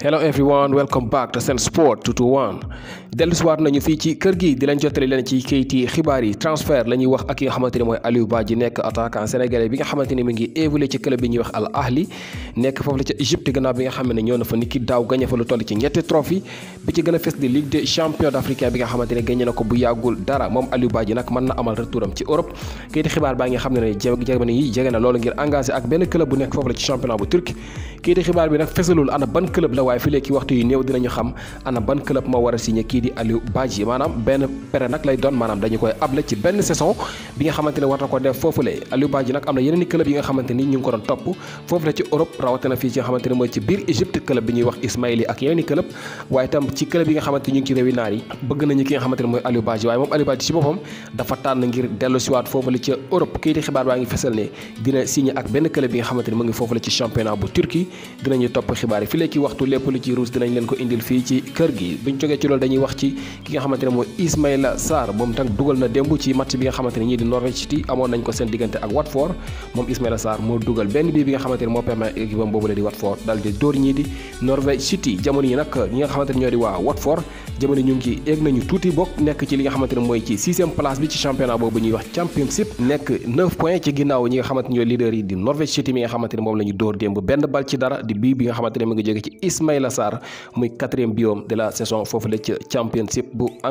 hello everyone welcome back to Sen Sport 221 dellusiwaat nañu fii ci kër gi di leen leen ci kayiti xibaar yi transfert la ñuy wax ak ki nga xamante ni mooy Aliou Badji nekk attaquant sénégalais bi bi nga xam ne ñëw daaw gañe fa lu toll ci ñetti trophée bi ci gën a fës di Ligue des champions d'Africain bi nga xamante ne ko bu yàggul dara moom Aliou Badji nag mën na amal retouram ci Europe kayiti xibaar baa nga xam ne ne jege na loolu ngir engagé ak benn waaye fi léegi waxtu yu néew dinañu xam ana ban club moo war a signé kii di Aliou Badji maanaam benn pere nag lay doon maanaam dañu koy able ci benn saison bi nga xamante war na ko def foofule Aliou Badji nag am na yeneen i yi nga xamante ñu ngi ko doon topp foofule ci Europe rawatina fii xibaar baa ngi fesal ne dina signé ak benn club bi nga xamante mu ngi foofule ci championnat bu Turquie dinañu topp xibaar yi fi léegi waxtu lépp ci ruus dinañ leen ko indil fii ci kër gi buñ jógee ci loolu dañuy wax ci ki nga xamante ne mooy Ismaïla Sarr moom tam dugal na démb ci match bi nga xamante ne ñii di Norwich City amoon nañ ko seen diggante ak Watford moom Ismaïla Sarr moo dugal benn bii bi nga xamante ne moo permettre équipe am boobu la di Watford daal dóor ñii di Norwich City jamono yi nag ñi nga xamante ne ñoo di waa Watford jamono ñu ngi ci egg tuuti bokk nekk ci li nga xamante mooy ci sixième place bi ci championnat boobu ñuy wax championship nekk 9 ci ginnaaw ñi nga xamante ñooy leader yi di Norvège City mi nga xamante ne moom la ñu dóor démb benn bal ci dara di bii bi nga xamante ne ngi jóge ci Ismaïla Sarr muy quatrième de la saison foofu la ca championship bu a